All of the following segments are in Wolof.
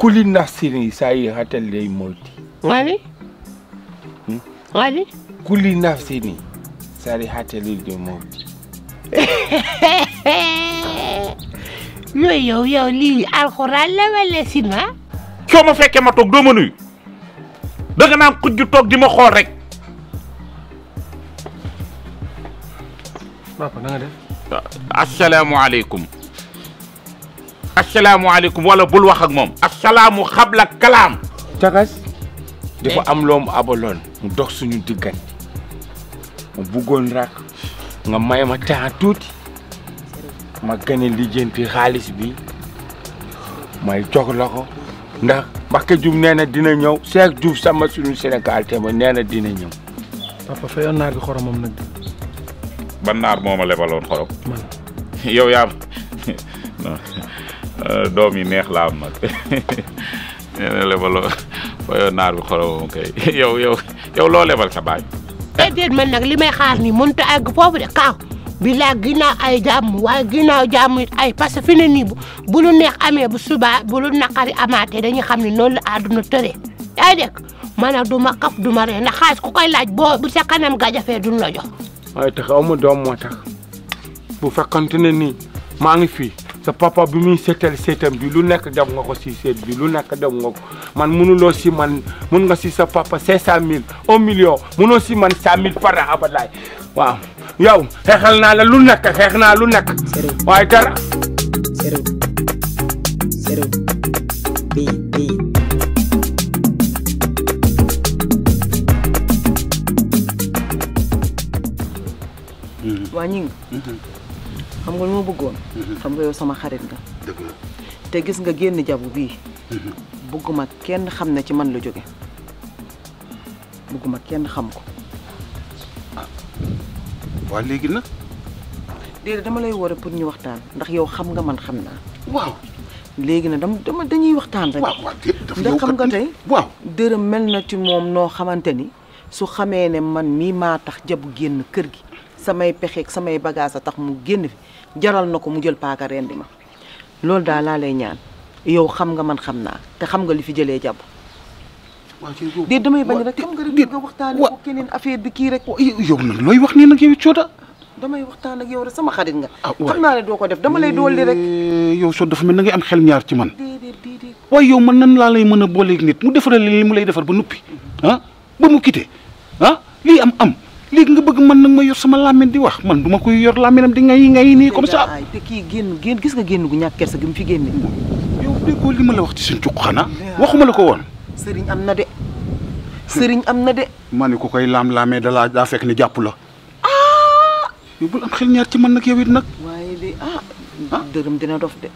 kulli nafsin sayihatal lay mawti wali wali hmm? kulli nafsin sayihatal lay mawti yooyu yow yow lii alxuraan la wala sima soo ma fekkee ma toog doo ma naan xujju toog di ma xool rek papa asalaamualeykum walla bul wax ak moom asalaamu xabla kalaam caxas dafa am loo mu abaloon mu dox suñu diggante mu buggoon rak nga may ma temps tuuti ma gën a lijjanti xaalis bi may jox la ndax Mbacké Diouf nee na dina ñëw Cheikh Diouf sama suñu Sénégal te ma nee na dina ñëw papa fayoon naar bi xoromam nag ban naar moo ma lebaloon xorom man yow yaa Euh, doom yi neex la am nag nee na lebaloo fayoo loo lebal sa baay. man nag li may xaar ni mënut a àgg foofu de kaaw bilaa ginnaaw ay jàmm waaye ginnaaw jàmm ay parce que fi ne nii bu bu lu neex amee bu subaa bu lu naqari amaatee dañuy xam ne noonu la àdduna tëree yaa ngi man nag du ma kaf du ma xaaj ko xaalis koy laaj boo bu sa kanam ga jafee duñ la jox. waaye taxaw ma doom moo tax bu fekkante ne nii maa ngi fii. sa papa bi muy seetal seetam bi lu nekk dem nga ko si seet bi lu nekk dem nga ko man mënuloo si man mën nga si sa papa cinq cent mille un million mënoo si man cent mille par an abalaay waaw yow xeexal naa la lu nekk xeex naa lu nekk waaye dara nga mo bëggoon xam mhm. nga yow sama xarit nga te gis nga genn jabu bi mhm. bëgguma kenn xam ne ci man la joggé bëgguma kenn xam ko ah. wa légui na nag dama lay war pour ñu waxtaan ndax yow xam nga man xam waaw légui na dama dama dañuy waxtaan rek ndax xam nga tay waaw dërëm melna na ci mom no xamanteni ni su xamé né man mi ma tax jabu genn kër gi samay ak samay bagage tax mu genn fi jaral na ko mu jël paaka rendi ma loolu daal laa lay ñaan yow xam nga man xam naa te xam nga li fi jëlee jàpp. déet damay bañ rek xam nga rek nga waxtaanee ko keneen affaire bi kii rek. yow nag looy wax nii nag yow coota. damay waxtaan ak yow rek sama xarit nga. Ah, xam naa ne doo ko def dama lay dolli rek. Eh, yow soo dafa mel na ngay am xel ñaar ci man. déedéet waaye yow man nan laa lay mën a booleeg nit mu defaral li mu lay defar ba nuppi ah ba mu quitté ah lii am am. léegi nga bëgg man nak ma yor sama lamine di wax man duma koy yor làmmiñam di ngay ngay ni comme ça te ki genn genn gis nga genn gu ñak kersa gi mu fi génne yow ko li ma la wax ci señtu xana waxuma la ko won sëriñ amna na de sëriñ amna na de ma ne ko koy lamé da la da fekk ni japp la yu bu am xel ñaar ci man nak yow it nak waye de ah deureum dina dof de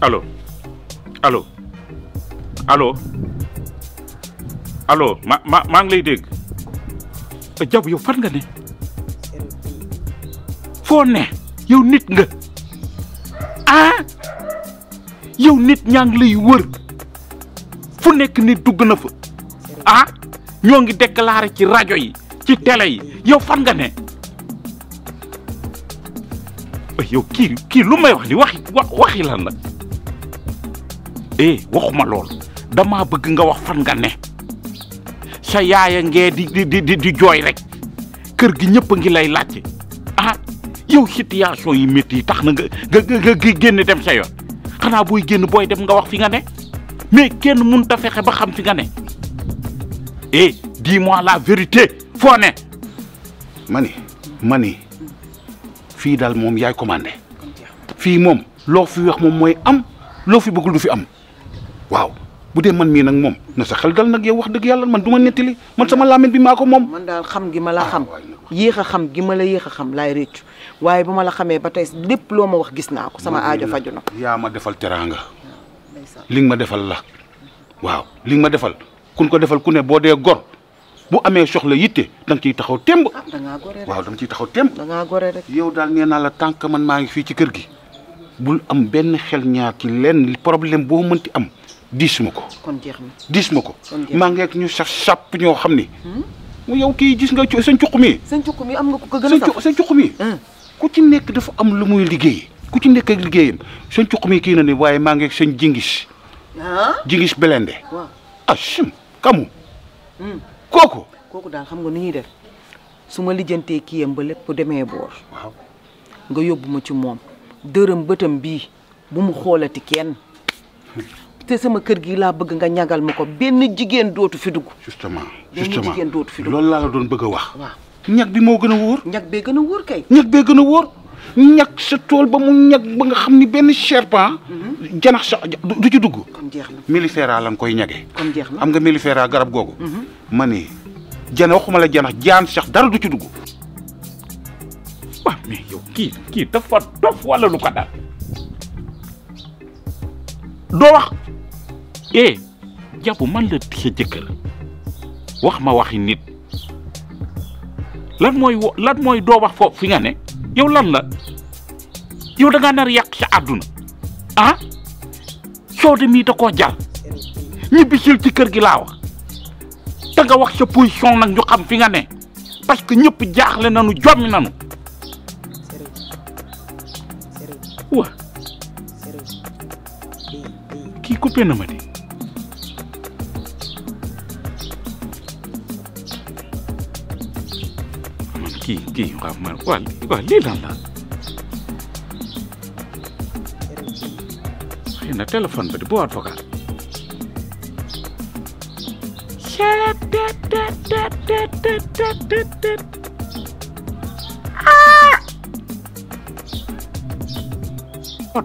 allo allo allo allo ma ma maa ngi lay dégg jabu eh, yow fat nga ne foo ne yow nit nga ah yow nit ñaa ngi lay wër fu nekk nit dugg na fa ah ñoo ngi déclaré ci rajo yi ci télé yi yow fan nga ne eh, yow kii kii lu may wax ni waxi waxi lan la eh waxuma lool damaa bëgg nga wax fan nga ne sa yaaya di di di di jooy rek kër gi ñëpp a ngi lay laajte ah yow situation yi métti yi tax na nga nga génn dem sa yoon xanaa booy génn booy dem nga wax fi nga ne mais kenn mënut a fexe ba xam fi nga ne eh dis-moi la vérité foo ne. ma ni fii daal moom yaay commandé fii moom loo fi wax moom mooy am loo fi bëggul du fi am. waaw bu dee man mii nag moom na sa xel dal nag yow wax dëgg yàlla man du ma nettali man sama lamine bi maa ko moom. man daal xam gi ma la ah, xam yéex a xam gi ma la yéex a xam laay réccu waaye ba ma la xamee ba tey lépp loo ma wax gis naa ko sama aajo faju na. yaa ma defal teranga. li ma defal la waaw li ma defal kun ko defal ku ne boo dee gor bu amee soxla yitte da nga ciy taxaw temb. Ah, waaw da nga ciy taxaw temb. da ngaa gore rek. yow daal nee la tànk man maa ngi fii ci kër gi bul am benn xel ñaar ci lenn problème boo mënti am dis ma kon jeex na dis ma ko maa ngeeg ñu saf sàpp ñoo xam ni mu yow kii gis nga mi mi am nga ko gën a saf seen cuq mi ku ci nekk dafa am lu muy liggéey ku ci nekk ak liggéeyam seen cuq mi na ni jingis jingis belende ah sim kamu hmm. koku koku daal xam nga nu ñuy def su ma lijjantee kiyam ba lépp demee boor nga yóbbu ci moom dërëm bëtam bu mu kenn hmm. Saya sama kër gi laa bëgg nga ñagal ma ko benn jigéen dootu fi dugg. justement justement benn jigéen dootu fi dugg loolu laa la doon bëgg wax. waaw bi moo gën a wóor. ñag bee gën kay. ñag bee gën a wóor ñag sa tool ba mu ñag ba nga xam ni benn serpent. Mhm. janax sa du ci dugg. kon jeex na mellifera lan koy ñage. kon jeex na am nga mellifera garab googu. Mhm. ma ne jana waxuma la janax jaan sax dara du ci dugg. waaw mais yow kii kii dafa dof wala lu ko dal doo wax eh jappu man la ci jëkkër wax ma waxi nit lan moy lan moy do wax fo fi nga ne yow lan la yow ah? da nga nar yak sa aduna ah soode mi da jall jar bisil ci kër gi la wax te nga wax sa position nak ñu xam fi nga ne parce que ñepp jaaxle nañu jommi nañu wa kii coupé ma kii kii waaw man waaw lii lan la xëy na bi di bu waat vocal boîte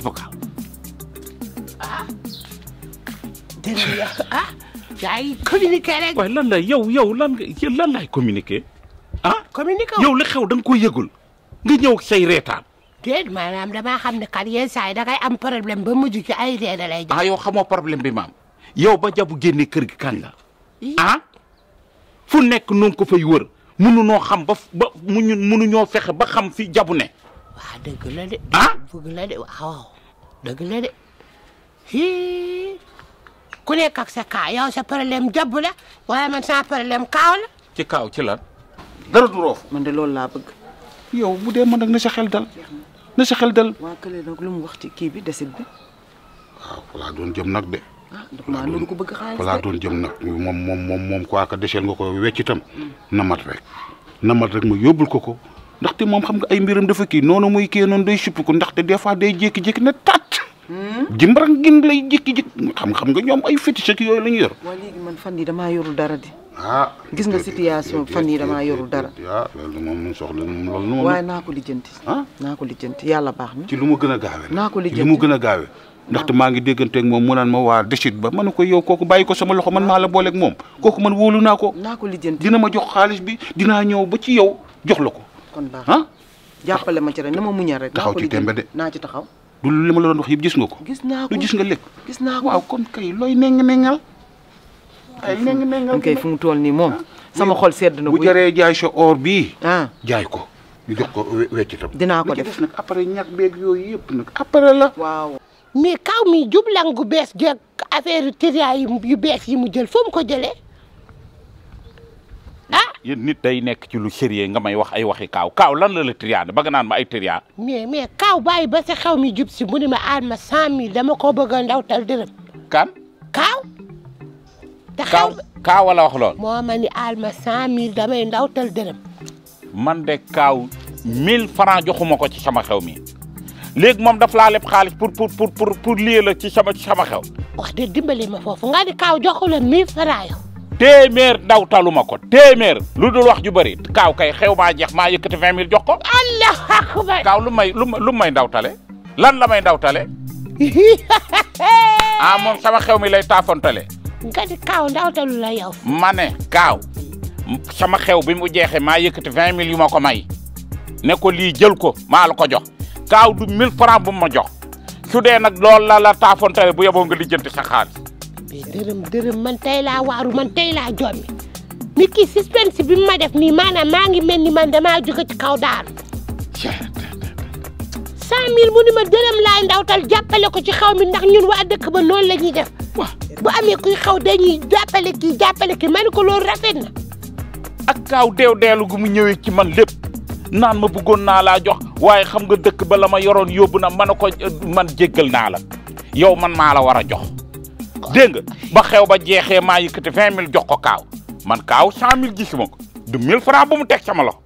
vocale. lan la yow yow lan lan laay communiqué yow li xew da nga koy yëgul nga ñëw say reetaan. déet maanaam damaa xam ne kat yenn saa yi da ngay am problème ba mujj ci ay ree da lay. ah yow xamoo problème bi maam yow ba jabu génne kër gi kañ la. ah fu nekk noo ko fay wër noo xam ba ba muñu mënuñoo fexe ba xam fi jabu ne. waaw dëgg la de. ah dëgg la de waaw ku nekk ak sa kaa yow sa problème jabu la waaye man sa problème kaaw la. ci kaaw ci lan. dara du roof. man de loolu laa bëgg. yow bu dee man nag na sa xel dal. na sa xel dal. waa lu mu wax ci kii bi desit bi. waaw ah, doon jëm nag de. ah lu ko bëgg xaalis falaa doon jëm moom moom moom moom quoi que deseel nga ko wecc itam. namat rek namat rek ma yóbbul ko ko. ndaxte moom xam nga ay mbiram dafa kii noonu muy kii noonu day suppiku ndaxte des fois day jékki-jékki ne tat. Hmm? jimbarang gin lay jékki-jékki xam xam nga ñoom ay fétiche ak yooyu la ñu yor. man fan yii damaa yorul dara di. ah gis nga situation fan yii damaa yorul dara. ah loolu moom soxla moom loolu noonu. waaye naa ko lijjanti. ah naa ko na. ci lu mu gën a gaawee. naa ko a gaawee. ndaxte ah. maa ngi déggante ak moom mu naan ma waa déchite ba man ko yow kooku bàyyi ko sama loxo man maa la booleeg moom kooku man wóolu naa ko. naa ko lijjanti dina ma jox xaalis bi dinaa ñëw ba ci yow jox la ko. kon baax ah. jàppale ma ci rek na ma muñal rek. taxaw ci tembe de naa ci taxaw. du li ma la doon wax yëpp gis nga ko. gis naa gis nga lépp. gis waaw kon kay looy neng ay neng neng kay fu mu toll nii moom sama xol sedd na bu jëree jaay sa or bii ah. jaay ko ñu jox ko weccitam dinaa ko def nag après ñax yooyu yëpp nag après la waaw mais kaw mi jublan gu bees jeeg affaire tria yu bees yi mu jël foo ko jëlee ah yéen nit day nekk ci lu sérieux nga may wax ay waxi kaaw kaaw lan la la triyaa bëgg naan ma ay triyaa mais mais kaaw bàyyi ba sa xew mi jub si mu ne ma aar ma cent dama ko bëgg a ndawtal dërëm kan kaaw te xam kaaw wala wax lool. moo ma ni aal ma cent mille damay ndawtal dërëm. man de kaaw mille francs joxuma ko ci sama xew mi léegi moom daf laa leb xaalis pour pour pour pour pour lii la ci sama ci sama xew. wax de dimbali ma foofu nga ni kaaw joxu la mille francs yow. téeméer daw taluma ko téeméer lu dul wax ju bëri kaaw kay xew maa jeex maa yëkkati vingt mille jox ko. allah akbar kaaw lu may lu may ndawtale lan la may ndawtale. ah moom sama xew mi lay taafontale. nga di kaaw ndawtalu la yow. ma kaaw sama xew bi mu jeexee maa yëkkati vingt mille yu ma ko may ne ko lii jël ko maa la ko jox kaaw du mille francs bu ma jox su dee nag loolu la la taafontale bu yeboo nga lijjanti sa xaalis. dërëm dërëm man tey laa waaru man tey laa jommi nit ki suspense bi ma def nii maanaam maa ngi mel man damaa jóge ci kaw daal. cent mille mu ni ma dërëm laay ndawtal jàppale ko ci xaw mi ndax ñun waa dëkk ba noonu la ñuy def bu amee kuy xaw dañuy jàppale kii jàppale kii ma ne ko loolu rafet na ak kaaw deew deelu gu mu ñëwee ci man lépp naan ma buggoon naa laa jox waaye xam nga dëkk ba la ma yoroon yóbbu na man a ko eh, man jéggal naa la yow man maa la war a jox dégg ba xew ba jeexee maa yëkkati vingt mille jox ko kaaw man kaaw cent mille gisuma ko du mille franc bu mu teg sama loxo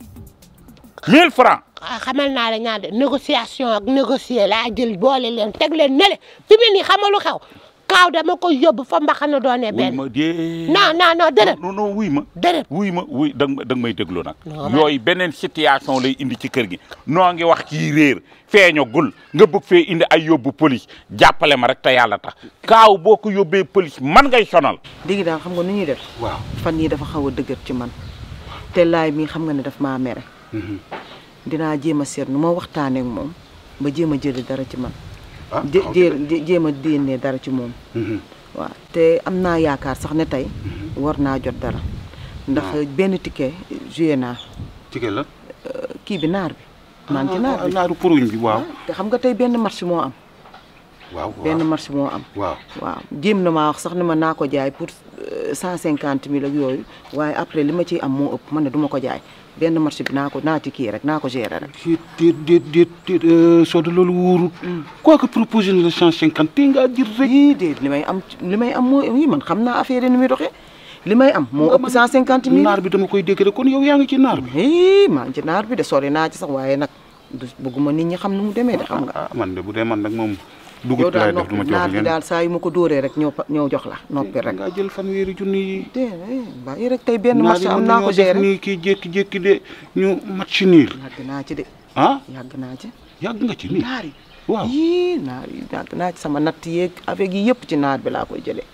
xamal naa la ñaar de négociation laa jël boole leen teg leen ne le yi mu nii xamalu xew kaaw dama ko yóbbu fa mbaxana doone benn ma dee non non non déedéet non wuy ma déedéet wuy ma wuy da nga may déglu nag yooyu beneen situation lay indi ci kër gi noo ngi wax kii réer feeñagul nga bëgg fee indi ay yóbbu police jàppale ma rek te yàlla tax kaaw boo ko yóbbee police man ngay sonal léegi daal xam nga nu ñuy def waaw fan yi dafa xaw a dëgër ci man te laay mi xam nga ne daf maa dinaa jéem a seet nu ma waxtaanee moom ba jéem a jëli dara ci man. ah jéem a dénnee dara ci moom. Mm-hmm. waaw te am naa yaakaar sax ne tey. Mm-hmm. war naa jot dara. Ah. ndax benn ticket joué naa. ticket la. Euh, kii bi naar bi. Ah, maa ngi ci naar bi naaru poruñ bi waaw. Ah, te xam nga tey benn match moo am. waaw benn match moo am. waaw waaw jéem na maa wax sax ne ma naa ko jaay pour euh, cent cinquante mille ak yooyu waaye après li ma ciy am moo ëpp man ne duma ko jaay benn match bi naa ko naa ci kii rek naa ko gérer rek. déet déet déet déet soo de loolu wóorul. Mm. quoi que proposé na la cent cinquante tey ngaa rek. yii may am li may am mooy man xam naa affaire yi ni li may am moo ëpp cent cinquante mille naar bi dama koy dégg rek kon yow yaa ngi ci naar bi. maa ngi naar bi de sori naa ci waaye nag du bëgguma nit ñi xam nu mu demee de xam nga. Ah, ah, man de bu dee man nak moom. dugut lay def duma ci wax leen daal saa yu ma ko rek ñëw ñëw jox la noppi rek nga jël fanweeri junni yi dé bàyyi rek tey benn match am naa ko géré ñu match ci ah yàgg naa ci yàgg nga ci nii nari waaw nari nari ci sama natt yeeg avec yi yëpp ci naar bi laa koy jëlee ah.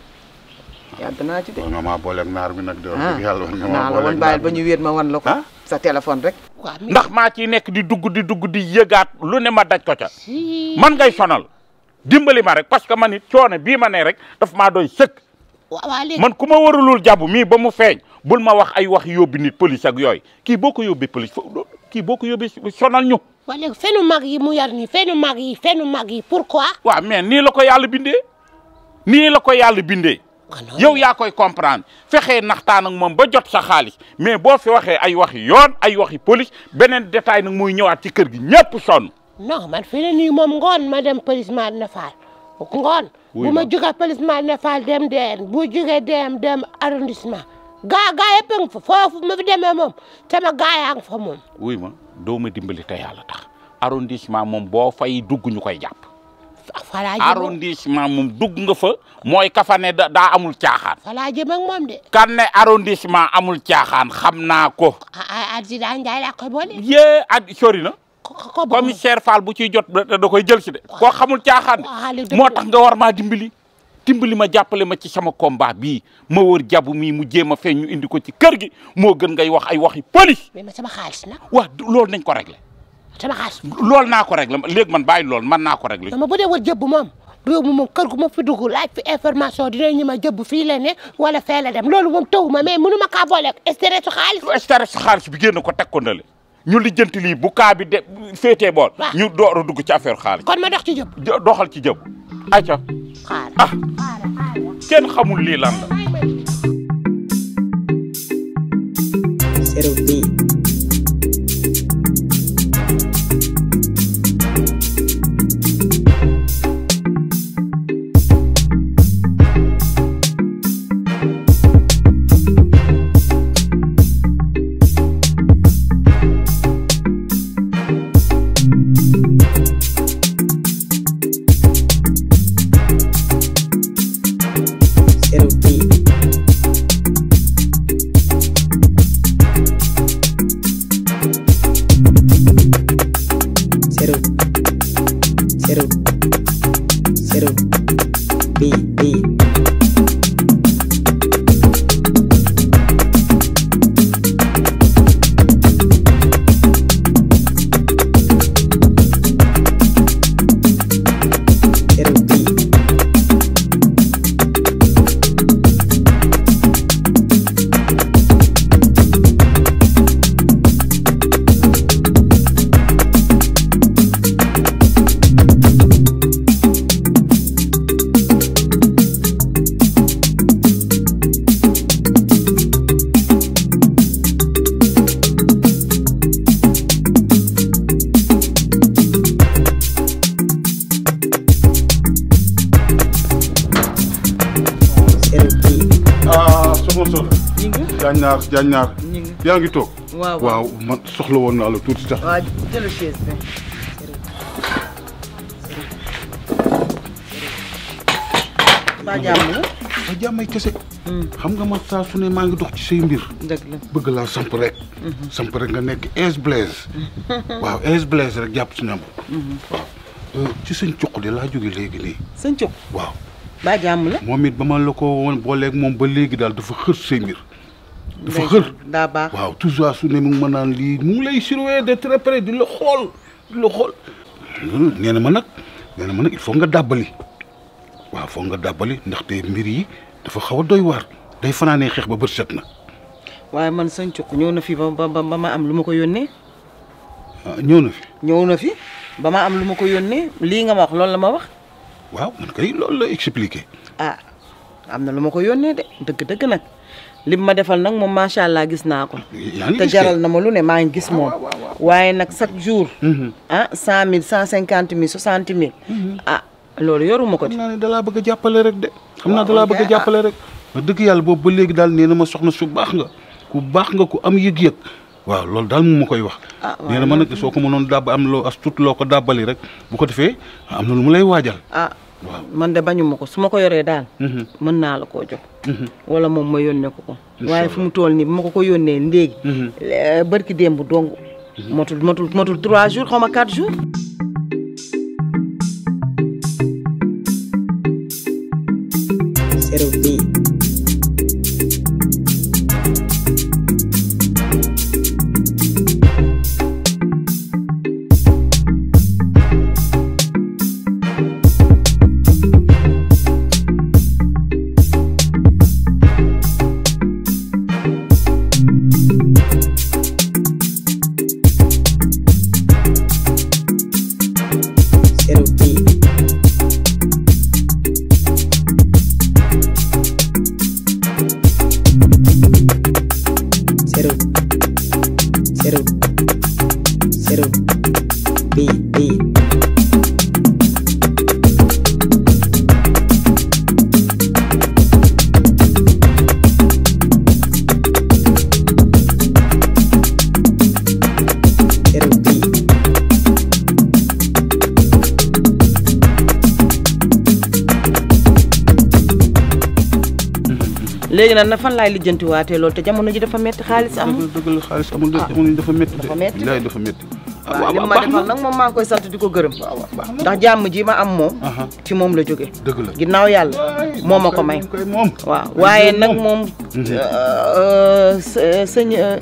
yàgg naa ci nari nga maa booleeg naar bi nag wax ah. nga di dugg di dugg di lu ne ma daj dimbali ma rek parce que man it coono bii ma ne rek daf maa doy sëkk. man ku ma warulul jàbb mii ba mu feeñ bul ma wax ay wax yóbbi nit police ak yooy kii boo ko yóbbee police kii boo ko yóbbee sonal ñu. waa léegi fenu mag yi mu yar nii fenu mag yi fenu mag yi pourquoi. waaw mais nii la ko yàlla bindee nii la ko yàlla bindee. Ah yow yaa koy comprendre fexe naxtaan ak moom ba jot sa xaalis mais boo fi waxee ay waxi yoon ay waxi police beneen détail nag muy ñëwaat ci kër gi ñëpp sonn. non man fi nii moom ngoon ma dem police Médina Fall ngoon. bu ma jógee police Médina Fall dem DN bu jógee dem dem arrondissement gaa gaa yëpp a ngi ma fi demee moom sama gaa yaa ngi fa wuy ma doo ma te yàlla tax arrondissement moom boo fay dugg ñu koy jàpp. falaa jëm arrondissement nga fa mooy ka fa ne daa amul caaxaan. falaa jëm ak moom de. kan ne arrondissement amul caaxaan xam naa ko. ah ah Adjida Ndiaye laa koy boole. yee at sori na. commissaire Fall bu ciy jot da koy jël si de koo xamul caaxaan moo tax nga war maa dimbali dimbali ma jàppale ma ci sama combat bii ma wër jabu mii mu jéem a feeñ ñu indi ko ci kër gi moo gën ngay wax ay waxi police mais sama xaalis nag waaw loolu nañ ko régler sama xaalis loolu naa ko régler léegi man bàyyi lool man naa ko régler ma bu dee jëbb moom réew mi kër gu ma fi dugg laaj fi information dinañu ma jëbb fii la ne wala fee la dem loolu moom taw ma mais mënu ma kaa booleeg stress xaalis stress xaalis bi génn ko teg ko ndale ñu lijjanti lii bu kaa bi de féetee bool. ñu door a dugg ci affaire xaalis. kon ma dox ci jëm. doxal ci jëm. ayca. xaaral ah kenn xamul lii la. yaa ngi naar. toog. waaw waaw man soxla woon naa la tuuti sax. waaw jël chaise bi. jàmm la. ba jàmmay kese. Hmm. xam nga man saa su ne maa ngi dox ci say mbir. la bëgg laa samp rek. Hmm. samp rek nga nekk aise blaise. waaw aise blaise rek jàpp su ñam. Hmm. waaw euh, ci sëñ cuq de laa jóge léegi nii. sëñ cuq waaw. ba jàmm la. moom it ba ma la ko woon booleeg moom ba léegi daal dafa xër say mbir. dafa xër daa baax waaw toujours su ne mu ma naan lii mu ngi lay surveiller de très près di la xool di la xool. nee na ma nag nee na ma nag il foog nga dàbbali waaw foog nga dàbbali ndaxte mbir yi dafa xaw a doy waar day fanaanee xeex ba bët set na. waaye man sañ cukk ñëw na fi ba ba ma am lu ma ko yónnee. ah fi. ñëw na fi ba ma am lu ma ko yónnee lii nga ma wax loolu la ma wax. waaw man kay loolu la expliqué. ah am na lu ma ko yónnee de dëgg-dëgg nag. lim ma defal nag moom macha allah gis naa ko. te jaral na ma lu ne maa ngi gis moom. waaye nag chaque jour. Mhm. ah cent mille cent cinquante mille soixante mille. Mhm. ah loolu yoruma ko de. xam naa ne dalaa bëgg jàppale rek de. xam naa dalaa bëgg a jàppale rek. ma dëgg yàlla boobu ba léegi daal nee na ma soxna su baax nga ku baax nga ku am yëg-yëg. waaw loolu daal mu ma koy wax. ah nee na ma nag soo ko mënoon dàbb am loo tuut loo ko dàbbali rek bu ko defee am na lu mu lay waajal. Ah, man de bañu ma ko su ma ko yoree daal. Mhm. mën naa la ko jox. Mhm. wala moom ma yónnee ko ko. waaye fu mu tool nii bu ma ko ko yónnee léegi. Mhm. Euh, barki démb dong. matul matul matul trois jour xaw ma quatre jours. ngi naan na fan laay lijjantiwaatee loolu te jamono ji dafa métti xaalis amul. dëgg la xaalis amul ah. jamono ji dafa métti de. bilaay dafa métti. Ah, waaw li ma defal nag moom maa ngi koy sant di ko gërëm. Ah, ndax jàmm ji ma am moom. ci moom la jóge dëgg ginnaaw yàlla moo ma ko may. waaw waaye nag moom mhm. euh, euh, euh, sëñ.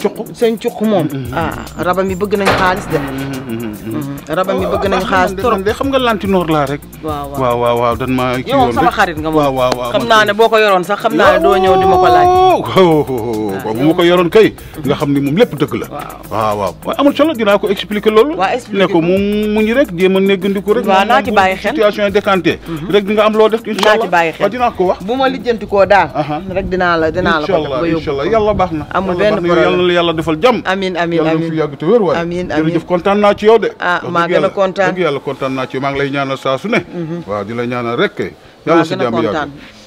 cuq seen cuq moom. Mm-hmm. ah rabam yi bëgg nañ xaalis de. Mm-hmm. rabam yi ah, bëgg nañ xaalis trop de xam nga lantinoor laa rek. waaw waaw waaw waaw dan ma kii yoon a xarit nga moom waaw waaw xam naa ne boo ko yoroon sax xam naa ne doo ñëw di ma ko laaj. waaw bu ma ko yoroon kay. nga xam ni moom lépp dëgg la. waaw waaw waaw amul solo dinaa ko expliquer loolu. waaw mu muñ rek jéem a néggandiku rek. waaw naa ci bàyyi xel situation yi décanté. Mm-hmm. rek di nga am loo def incha allah naa ci bàyyi xel waaw dinaa ko wax. bu ma lijjanti koo daal. rek dinaa la dinaa la ko def ba yóbbu. na soxna yow yal na la yàlla defal jàmm amiin amiin yàlla na fi yàgg te wér waaye amiin amiin jërëjëf kontaan naa ci yow de ah maa gën a kontaan dëgg yàlla kontaan naa ci yow maa ngi lay ñaanal saa su ne mhm. waaw di la ñaanal rek yàlla si jàmm yàgg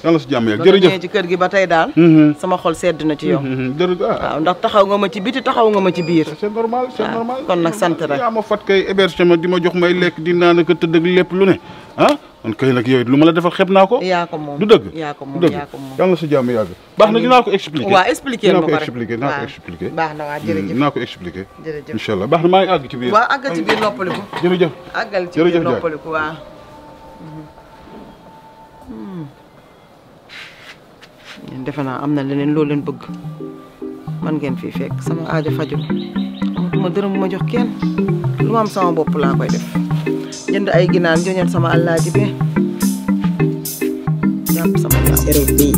yàlla si jàmm yàgg jërëjëf ci kër gi ba tey daal mhm. sama xol sedd na ci yow mhm, jërëjëf ah. waaw ndax taxaw nga ma ci biti taxaw nga ma ci biir c'est normal c'est ah, normal kon nag sant rek yaa ma fat kay hébergement di ma jox may lekk di naan ak tëdd ak lépp lu ne ah man kay nag yooyu lu ma la defal xeb naa ko. yaa ko moom du dëgg yaa ko moom yaa ko moom yàlla na sa jàmm yàgg. baax na dinaa ko expliquer. waaw expliquer ma ko rek dinaa ko expliquer baax na waaw jërëjëf mm, ko expliquer. jërëjëf incha baax na maa ngi àgg ci biir. waaw àggal ci biir noppaliku. jërëjëf àggal ci biir noppaliku waaw. ñun hmm. hmm. defe naa am na leneen loo leen bëgg man ngeen fi fekk sama aaja fajul amatuma dërëm ma jox kenn lu ma am sama bopp laa koy def jënd ay ginaar joñal sama àllaaji be Ya sama yaram bi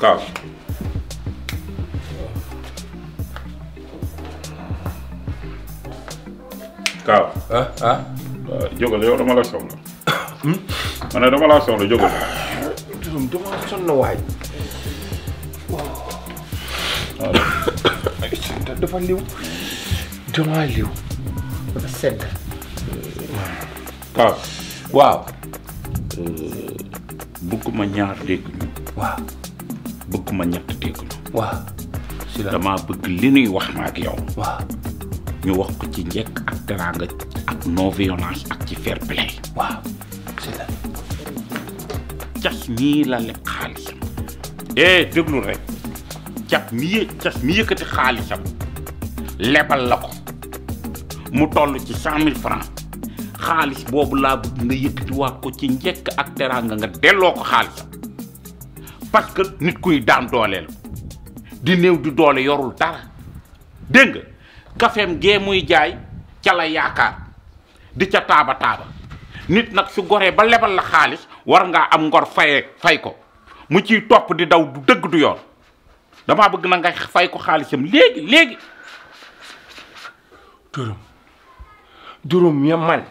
kaas kaaw ah ah jógal yow dama la soxla ma ne dama la soxla don't know why. dafa liw damaa liw dafa sedd. waaw waaw. bëgguma ñaar dégg ñu. waaw. bëgguma ñett dégg ñu. waaw. si la damaa bëgg li nuy wax yow. waaw. ñu wax ko ci njëkk ak ak non violence ak ci fair play. waaw. si la. cas la lekk. eh déglu rek cat mi yë cas mi yëkkati xaalisam lebal la ko mu toll ci cent mille francs xaalis boobu laa bëgg nga yëkkatiwaat ko ci njëkk ak teraanga nga delloo ko xaalisam parce que nit kuy daan dooleel di néew di doole yorul dara dégg nga kafeem gee muy jaay ca la yaakaar di ca taaba taaba nit nag su goree ba lebal la xaalis war ngaa am ngor fayee fay ko mu ci topp di daw du dëgg du yoon damaa bëgg na nga fay ko xaalisam léegi léegi turam juróom ya man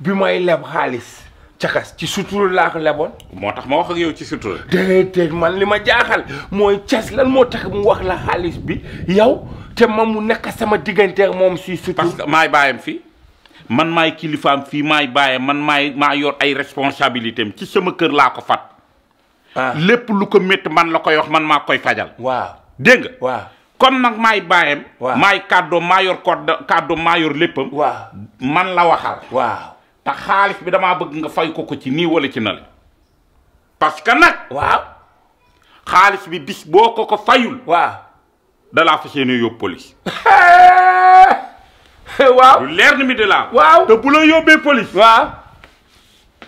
bi may leb xaalis cakas ci sutura laa ko leboon moo tax ma wax ak yow ci sutura déedéet man li ma jaaxal mooy cas lan moo tax mu wax la xaalis bi yow te ma mu nekk sama diggante ak moom si sutura parce que maay bàyyam fii man maay kilifaam fii maay bàyyam man maay maa ay responsabilité ci sama kër laa ko fat Ah. lepp lu ko métti man la koy wax man ma koy fajal. waaw dégg nga. waaw comme nak may bayam may cadeau mayor maa cadeau mayor leppam waaw man la waxal. waaw ta khalif bi dama bëgg nga fay ko ko ci ni wala ci nal parce que nak waaw khalif bi bis boko ko fayul. waaw la fassé ni yo police. waaw lu leer ni mi de la. waaw te bu la yobé police. waaw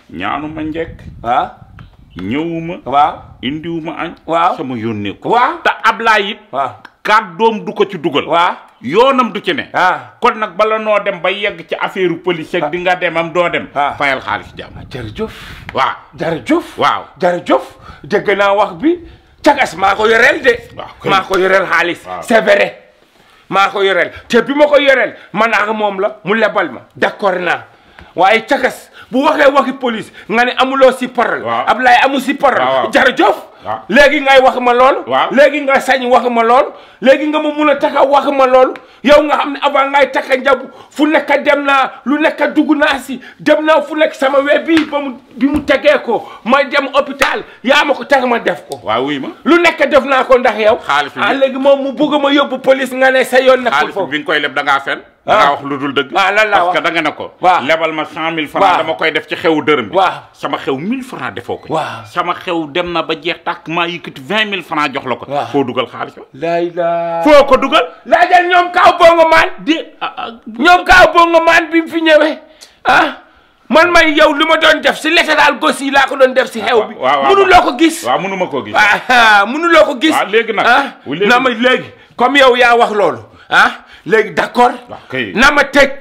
ñaanu ma ndiek waaw. Ah. ñëwuma. waaw indiwuma añ. waaw sama yónnee ko. waaw te Ablaye it. waaw kàddoom du ko ci dugal. waaw yoonam du ci ne. Ah. kon nag bala noo dem ba yegg ci affaire police ak ah. di nga demam doo dem. Ah. fayal xaalis jàmm. jërëjëf. waaw jërëjëf. waaw jërëjëf. naa wax bi. cagas maa ko yoreel de. maa ko yoreel xaalis. c'est maa ko yoreel te bi ma ko yoreel man ak moom la mu lebal ma. d'accord naa waaye cagas. bu waxe waxi police ngani amulo si parole. ablay Ablaye amu si parole. Ah. léegi ngay wax ma lool. waaw léegi nga sañ wax ma lool. léegi nga ma mun a tax a wax ma lool yow nga xam ne avant ngay tax a njabu fu nekk dem naa lu nekk dugg naa si dem naa fu nekk sama we bii ba mu bi mu tegee ko ma dem hôpital yaa ma ko tax ma def ko. waaw wuy ma lu nekk def naa ko ndax yow. xaalis bi ah léegi mu bugg ma yóbbu police nga ne sa yoon. nekkul foofu xaalis bi nga koy leb da ngaa fen da ah. wax lu dul dëgg. waaw ah, lan laa wax parce que da ne ko. waaw lebal ma cent mille francs dama koy def ci xewu dërëm bi. waaw sama xew mille francs defoo ko. waaw sama xew dem na ba jeex tax sàkk maa yëkkati vingt mille franc jox la ko. waaw foo dugal xaalis ba. foo ko dugal. laajal ñoom Kaaw Bongo maan. di ah, ah. ñoom Kaaw Bongo maan bi mu fi ñëwee ah. man may yow li ma doon def si latéral gauche yi laa ko doon def si xew bi. waaw mënuloo ko gis. waaw mënuma koo gis. Ah, mënuloo ko gis. léegi nag na ma léegi comme yow yaa wax loolu ah léegi d'accord. na ma teg.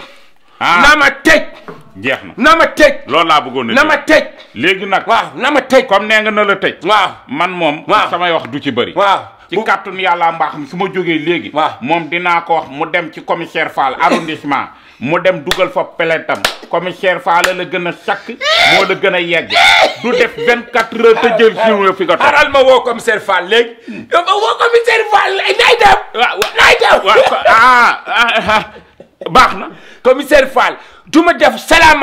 na ma teg. jeex na na ma tëj loolu laa bëggoon na ma tëj léegi nag waaw na ma tëj comme nee nga na la tëj waaw man moom samay wax du ci bëri waaw ci kàttun yàlla mbaaxam su ma jógee léegi waaw moom dinaa ko wax mu dem ci commissaire Fall arrondissement mu dem dugal fa pelentam commissaire Fall la gën a sakk moo la gën a yegg du def vingt quatre heures te jël si fi nga toog xaaral ma woo commissaire Fall léegi hmm. woo commissaire Fall nay dem nay dem waaw ah, ah, ah. baax commissaire Fall du ma def salam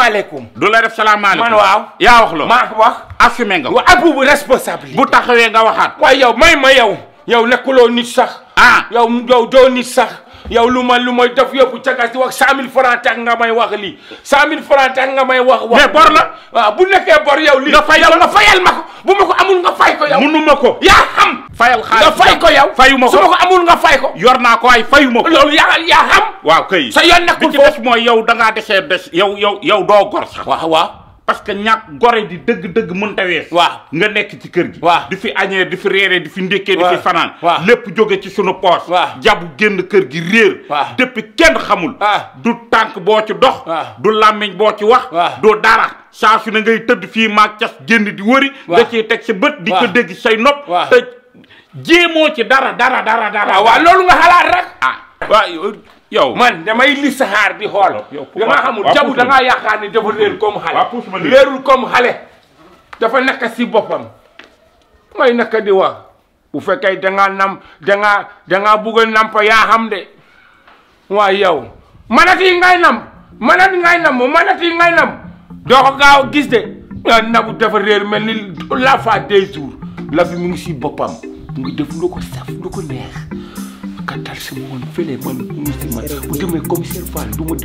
du la def salaamaaleykum man waaw. yaa wax loolu maa ko wax. assumé nga Ou abou bu responsabilité. bu taxawee nga waxaat. Quoi yow may ma yow. yow nekkuloo nit sax. ah yow yow doo nit sax. yow lu ma lu may def yëpp cagas ca wax cent mille francs tax nga may wax lii cent mille francs tax nga may wax. wax mais bor la. waaw bu nekkee bor yow. li nga fay yow nga fayal ma ko bu ko amul nga fay ko yow. ko yaa xam. fayal xaalis nga fay ko yow. fayuma ko su ma ko amul nga fay ko. yor naa ko ay fayuma ko. loolu yaa yaa xam. waaw kay. sa yoon nekkul foofu bi mooy yow da ngaa desee des yow yow yow doo gor sax. waaw waaw. parce que ñàkk gore di dëgg-dëgg mën ta nga nekk ci kër gi waaw di fi añee di fi reeree di fi ndékkee di fi fanaan waaw lépp jóge ci sunu poos waaw jabu génn kër gi réer waaw depuis kenn xamul du tànk boo ci dox du làmmiñ boo ci wax du dara saa su ne ngay tëdd fii maag cas génn di wëri da ciy teg sa bët di ko dégg say nopp te jéemoo ci dara dara dara dara loolu nga xalaat rek ah. yow man damay li saxaar di xool dama xamul jabu da ngaa yaakaar ni dafa réer comme xale réerul comme xale dafa nekk si boppam may nekk di wax bu fekkee dangaa nam dangaa dangaa bugg a nampa yaa xam de waaye yow manati ngay nam manati ngay nam manati ngay nam doo ko gaaw gis de nabu dafa réer mel ni la fa des jours la fi mu ngi si boppam mu ngi def lu ko saf lu ko neex gàttal si ma woon fële man mu si man bu demee commissaire Fall du ma